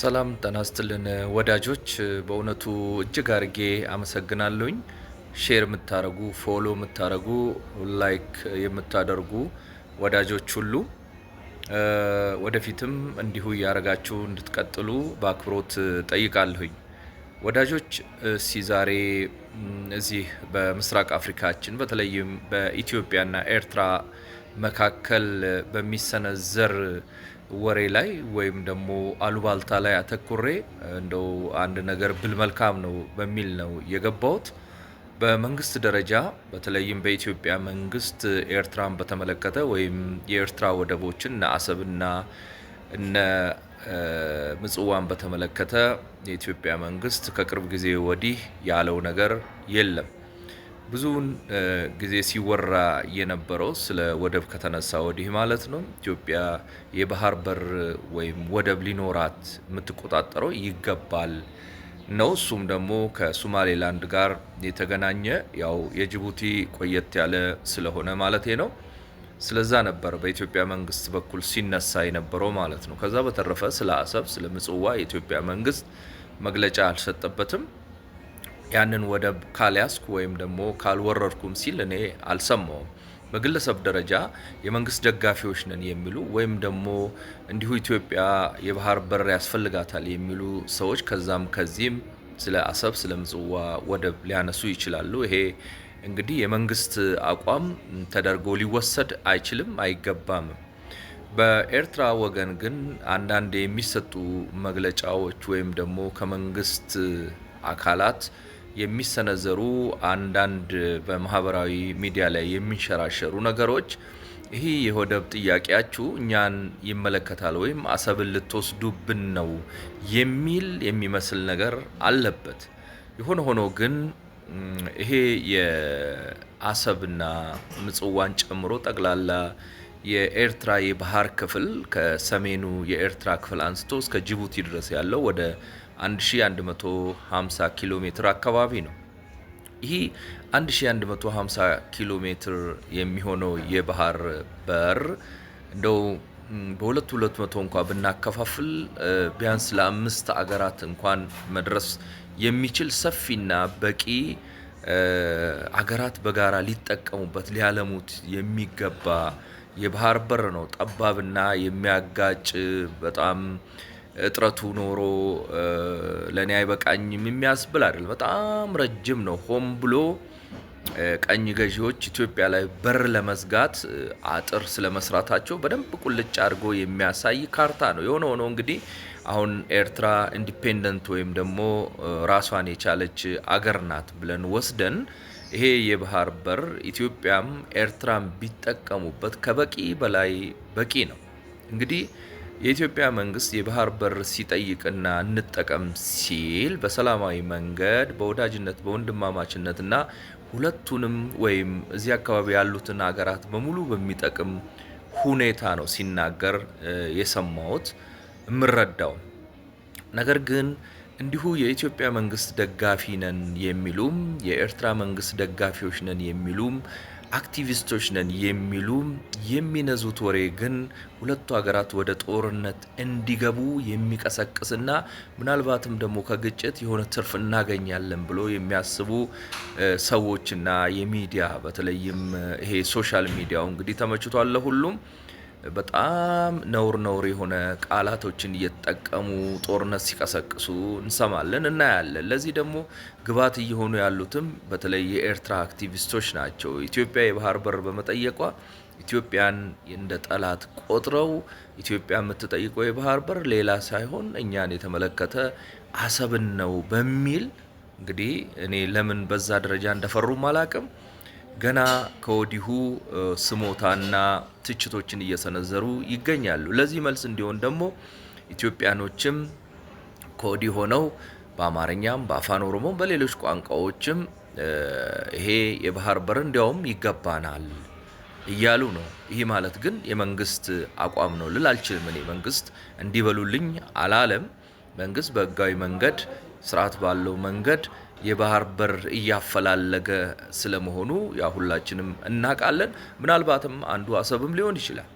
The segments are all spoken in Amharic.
ሰላም ጤና ይስጥልን ወዳጆች፣ በእውነቱ እጅግ አርጌ አመሰግናለሁኝ። ሼር የምታደርጉ፣ ፎሎ የምታደርጉ፣ ላይክ የምታደርጉ ወዳጆች ሁሉ ወደፊትም እንዲሁ እያደረጋችሁ እንድትቀጥሉ በአክብሮት ጠይቃለሁኝ። ወዳጆች እስቲ ዛሬ እዚህ በምስራቅ አፍሪካችን በተለይም በኢትዮጵያና ኤርትራ መካከል በሚሰነዘር ወሬ ላይ ወይም ደግሞ አሉባልታ ላይ አተኩሬ እንደው አንድ ነገር ብል መልካም ነው በሚል ነው የገባሁት። በመንግስት ደረጃ በተለይም በኢትዮጵያ መንግስት ኤርትራን በተመለከተ ወይም የኤርትራ ወደቦችን እነ አሰብና እነ ምጽዋን በተመለከተ የኢትዮጵያ መንግስት ከቅርብ ጊዜ ወዲህ ያለው ነገር የለም። ብዙውን ጊዜ ሲወራ የነበረው ስለ ወደብ ከተነሳ ወዲህ ማለት ነው ኢትዮጵያ የባህር በር ወይም ወደብ ሊኖራት የምትቆጣጠረው ይገባል ነው። እሱም ደግሞ ከሶማሌላንድ ጋር የተገናኘ ያው የጅቡቲ ቆየት ያለ ስለሆነ ማለት ነው። ስለዛ ነበር በኢትዮጵያ መንግስት በኩል ሲነሳ የነበረው ማለት ነው። ከዛ በተረፈ ስለ አሰብ፣ ስለ ምጽዋ የኢትዮጵያ መንግስት መግለጫ አልሰጠበትም። ያንን ወደብ ካልያዝኩ ወይም ደግሞ ካልወረርኩም ሲል እኔ አልሰማውም። በግለሰብ ደረጃ የመንግስት ደጋፊዎች ነን የሚሉ ወይም ደግሞ እንዲሁ ኢትዮጵያ የባህር በር ያስፈልጋታል የሚሉ ሰዎች ከዛም ከዚህም ስለ አሰብ፣ ስለ ምጽዋ ወደብ ሊያነሱ ይችላሉ። ይሄ እንግዲህ የመንግስት አቋም ተደርጎ ሊወሰድ አይችልም፣ አይገባምም። በኤርትራ ወገን ግን አንዳንድ የሚሰጡ መግለጫዎች ወይም ደግሞ ከመንግስት አካላት የሚሰነዘሩ አንዳንድ በማህበራዊ ሚዲያ ላይ የሚንሸራሸሩ ነገሮች ይሄ የወደብ ጥያቄያችሁ እኛን ይመለከታል ወይም አሰብን ልትወስዱብን ነው የሚል የሚመስል ነገር አለበት። የሆነ ሆኖ ግን ይሄ የአሰብና ምጽዋን ጨምሮ ጠቅላላ የኤርትራ የባህር ክፍል ከሰሜኑ የኤርትራ ክፍል አንስቶ እስከ ጅቡቲ ድረስ ያለው ወደ 1150 ኪሎ ሜትር አካባቢ ነው። ይህ 1150 ኪሎ ሜትር የሚሆነው የባህር በር እንደው በሁለት ሁለት መቶ እንኳ ብናከፋፍል ቢያንስ ለአምስት አገራት እንኳን መድረስ የሚችል ሰፊና በቂ አገራት በጋራ ሊጠቀሙበት ሊያለሙት የሚገባ የባህር በር ነው። ጠባብና የሚያጋጭ በጣም እጥረቱ ኖሮ ለእኔ አይበቃኝም የሚያስብል አይደል። በጣም ረጅም ነው። ሆም ብሎ ቀኝ ገዢዎች ኢትዮጵያ ላይ በር ለመዝጋት አጥር ስለመስራታቸው በደንብ ቁልጭ አድርጎ የሚያሳይ ካርታ ነው። የሆነ ሆኖ እንግዲህ አሁን ኤርትራ ኢንዲፔንደንት ወይም ደግሞ ራሷን የቻለች አገር ናት ብለን ወስደን ይሄ የባህር በር ኢትዮጵያም ኤርትራም ቢጠቀሙበት ከበቂ በላይ በቂ ነው እንግዲህ የኢትዮጵያ መንግስት የባህር በር ሲጠይቅና እንጠቀም ሲል በሰላማዊ መንገድ በወዳጅነት በወንድማማችነትና ሁለቱንም ወይም እዚህ አካባቢ ያሉትን ሀገራት በሙሉ በሚጠቅም ሁኔታ ነው ሲናገር የሰማሁት የምረዳው። ነገር ግን እንዲሁ የኢትዮጵያ መንግስት ደጋፊ ነን የሚሉም የኤርትራ መንግስት ደጋፊዎች ነን የሚሉም አክቲቪስቶች ነን የሚሉ የሚነዙት ወሬ ግን ሁለቱ ሀገራት ወደ ጦርነት እንዲገቡ የሚቀሰቅስና ምናልባትም ደግሞ ከግጭት የሆነ ትርፍ እናገኛለን ብሎ የሚያስቡ ሰዎችና የሚዲያ በተለይም ይሄ ሶሻል ሚዲያው እንግዲህ ተመችቷል ሁሉም። በጣም ነውር ነውር የሆነ ቃላቶችን እየተጠቀሙ ጦርነት ሲቀሰቅሱ እንሰማለን፣ እናያለን። ለዚህ ደግሞ ግብዓት እየሆኑ ያሉትም በተለይ የኤርትራ አክቲቪስቶች ናቸው። ኢትዮጵያ የባህር በር በመጠየቋ ኢትዮጵያን እንደ ጠላት ቆጥረው ኢትዮጵያ የምትጠይቀው የባህር በር ሌላ ሳይሆን እኛን የተመለከተ አሰብን ነው በሚል እንግዲህ እኔ ለምን በዛ ደረጃ እንደፈሩም አላቅም። ገና ከወዲሁ ስሞታና ትችቶችን እየሰነዘሩ ይገኛሉ። ለዚህ መልስ እንዲሆን ደግሞ ኢትዮጵያኖችም ከወዲህ ሆነው በአማርኛም በአፋን ኦሮሞ በሌሎች ቋንቋዎችም ይሄ የባህር በር እንዲያውም ይገባናል እያሉ ነው። ይህ ማለት ግን የመንግስት አቋም ነው ልል አልችልም። እኔ መንግስት እንዲበሉልኝ አላለም። መንግስት በህጋዊ መንገድ ስርዓት ባለው መንገድ የባህር በር እያፈላለገ ስለመሆኑ ያ ሁላችንም እናውቃለን። ምናልባትም አንዱ አሰብም ሊሆን ይችላል፣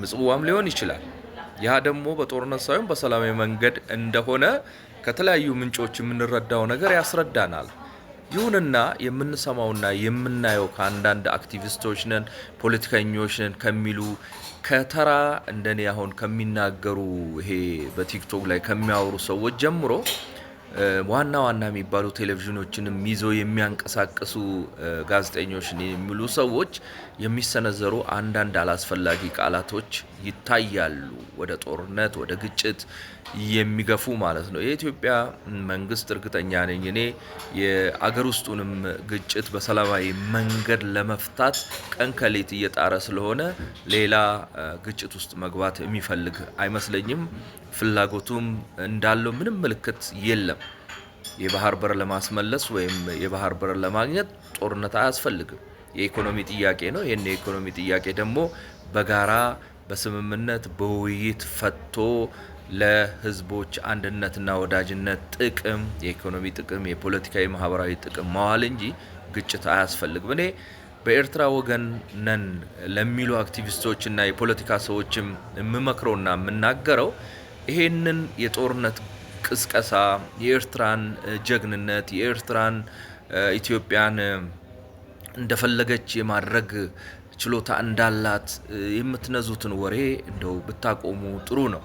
ምጽዋም ሊሆን ይችላል። ያ ደግሞ በጦርነት ሳይሆን በሰላማዊ መንገድ እንደሆነ ከተለያዩ ምንጮች የምንረዳው ነገር ያስረዳናል። ይሁንና የምንሰማውና የምናየው ከአንዳንድ አክቲቪስቶች ነን፣ ፖለቲከኞች ነን ከሚሉ ከተራ እንደኔ አሁን ከሚናገሩ ይሄ በቲክቶክ ላይ ከሚያወሩ ሰዎች ጀምሮ ዋና ዋና የሚባሉ ቴሌቪዥኖችንም ይዘው የሚያንቀሳቅሱ ጋዜጠኞች የሚሉ ሰዎች የሚሰነዘሩ አንዳንድ አላስፈላጊ ቃላቶች ይታያሉ። ወደ ጦርነት፣ ወደ ግጭት የሚገፉ ማለት ነው። የኢትዮጵያ መንግስት እርግጠኛ ነኝ እኔ የአገር ውስጡንም ግጭት በሰላማዊ መንገድ ለመፍታት ቀን ከሌት እየጣረ ስለሆነ ሌላ ግጭት ውስጥ መግባት የሚፈልግ አይመስለኝም። ፍላጎቱም እንዳለው ምንም ምልክት የለም። የባህር በር ለማስመለስ ወይም የባህር በር ለማግኘት ጦርነት አያስፈልግም። የኢኮኖሚ ጥያቄ ነው። ይህን የኢኮኖሚ ጥያቄ ደግሞ በጋራ በስምምነት በውይይት ፈቶ ለህዝቦች አንድነትና ወዳጅነት ጥቅም የኢኮኖሚ ጥቅም፣ የፖለቲካዊ ማህበራዊ ጥቅም መዋል እንጂ ግጭት አያስፈልግም። እኔ በኤርትራ ወገን ነን ለሚሉ አክቲቪስቶችና የፖለቲካ ሰዎችም የምመክረውና የምናገረው ይሄንን የጦርነት ቅስቀሳ፣ የኤርትራን ጀግንነት፣ የኤርትራን ኢትዮጵያን እንደፈለገች የማድረግ ችሎታ እንዳላት የምትነዙትን ወሬ እንደው ብታቆሙ ጥሩ ነው።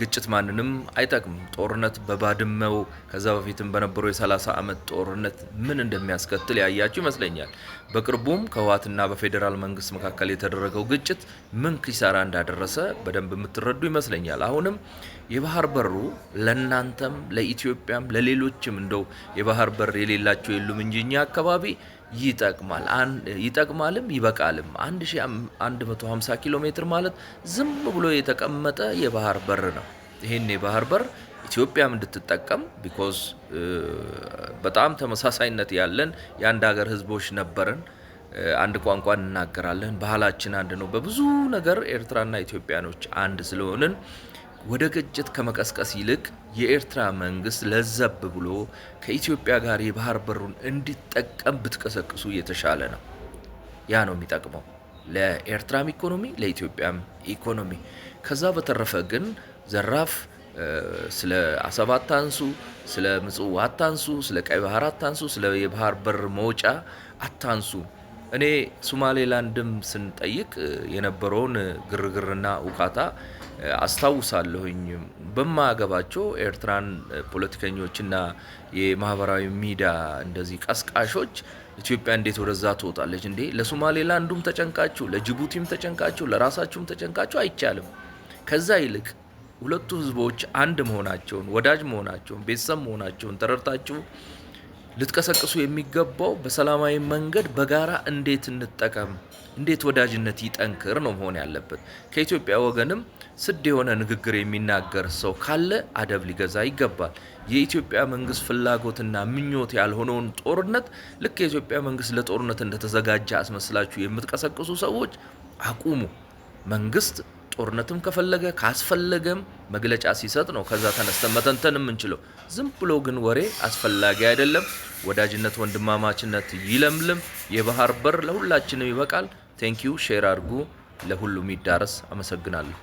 ግጭት ማንንም አይጠቅም። ጦርነት በባድመው ከዛ በፊትም በነበረው የ30 ዓመት ጦርነት ምን እንደሚያስከትል ያያችሁ ይመስለኛል። በቅርቡም ከህወሓትና በፌዴራል መንግስት መካከል የተደረገው ግጭት ምን ኪሳራ እንዳደረሰ በደንብ የምትረዱ ይመስለኛል። አሁንም የባህር በሩ ለእናንተም ለኢትዮጵያም ለሌሎችም እንደው የባህር በር የሌላቸው የሉም እንጂ እኛ አካባቢ ይጠቅማል ይጠቅማልም ይበቃልም። 1150 ኪሎ ሜትር ማለት ዝም ብሎ የተቀመጠ የባህር በር ነው። ይህን የባህር በር ኢትዮጵያም እንድትጠቀም ቢኮዝ በጣም ተመሳሳይነት ያለን የአንድ ሀገር ህዝቦች ነበርን። አንድ ቋንቋ እንናገራለን። ባህላችን አንድ ነው። በብዙ ነገር ኤርትራና ኢትዮጵያኖች አንድ ስለሆንን ወደ ግጭት ከመቀስቀስ ይልቅ የኤርትራ መንግስት ለዘብ ብሎ ከኢትዮጵያ ጋር የባህር በሩን እንዲጠቀም ብትቀሰቅሱ የተሻለ ነው። ያ ነው የሚጠቅመው ለኤርትራም ኢኮኖሚ፣ ለኢትዮጵያም ኢኮኖሚ። ከዛ በተረፈ ግን ዘራፍ ስለ አሰብ አታንሱ፣ ስለ ምጽዋ አታንሱ፣ ስለ ቀይ ባህር አታንሱ፣ ስለ የባህር በር መውጫ አታንሱ። እኔ ሱማሌላንድም ስንጠይቅ የነበረውን ግርግርና ውካታ አስታውሳለሁኝ። በማያገባቸው ኤርትራን ፖለቲከኞችና የማህበራዊ ሚዲያ እንደዚህ ቀስቃሾች ኢትዮጵያ እንዴት ወደዛ ትወጣለች እንዴ? ለሶማሌላንዱም ተጨንቃችሁ፣ ለጅቡቲም ተጨንቃችሁ፣ ለራሳችሁም ተጨንቃችሁ አይቻልም። ከዛ ይልቅ ሁለቱ ህዝቦች አንድ መሆናቸውን፣ ወዳጅ መሆናቸውን፣ ቤተሰብ መሆናቸውን ተረድታችሁ ልትቀሰቅሱ የሚገባው በሰላማዊ መንገድ በጋራ እንዴት እንጠቀም፣ እንዴት ወዳጅነት ይጠንክር ነው መሆን ያለበት። ከኢትዮጵያ ወገንም ስድ የሆነ ንግግር የሚናገር ሰው ካለ አደብ ሊገዛ ይገባል። የኢትዮጵያ መንግስት ፍላጎትና ምኞት ያልሆነውን ጦርነት ልክ የኢትዮጵያ መንግስት ለጦርነት እንደተዘጋጀ አስመስላችሁ የምትቀሰቅሱ ሰዎች አቁሙ። መንግስት ጦርነትም ከፈለገ ካስፈለገም መግለጫ ሲሰጥ ነው ከዛ ተነስተን መተንተን የምንችለው። ዝም ብሎ ግን ወሬ አስፈላጊ አይደለም። ወዳጅነት፣ ወንድማማችነት ይለምልም። የባህር በር ለሁላችንም ይበቃል። ቴንኪዩ ሼር አድርጉ። ለሁሉም ይዳረስ። አመሰግናለሁ።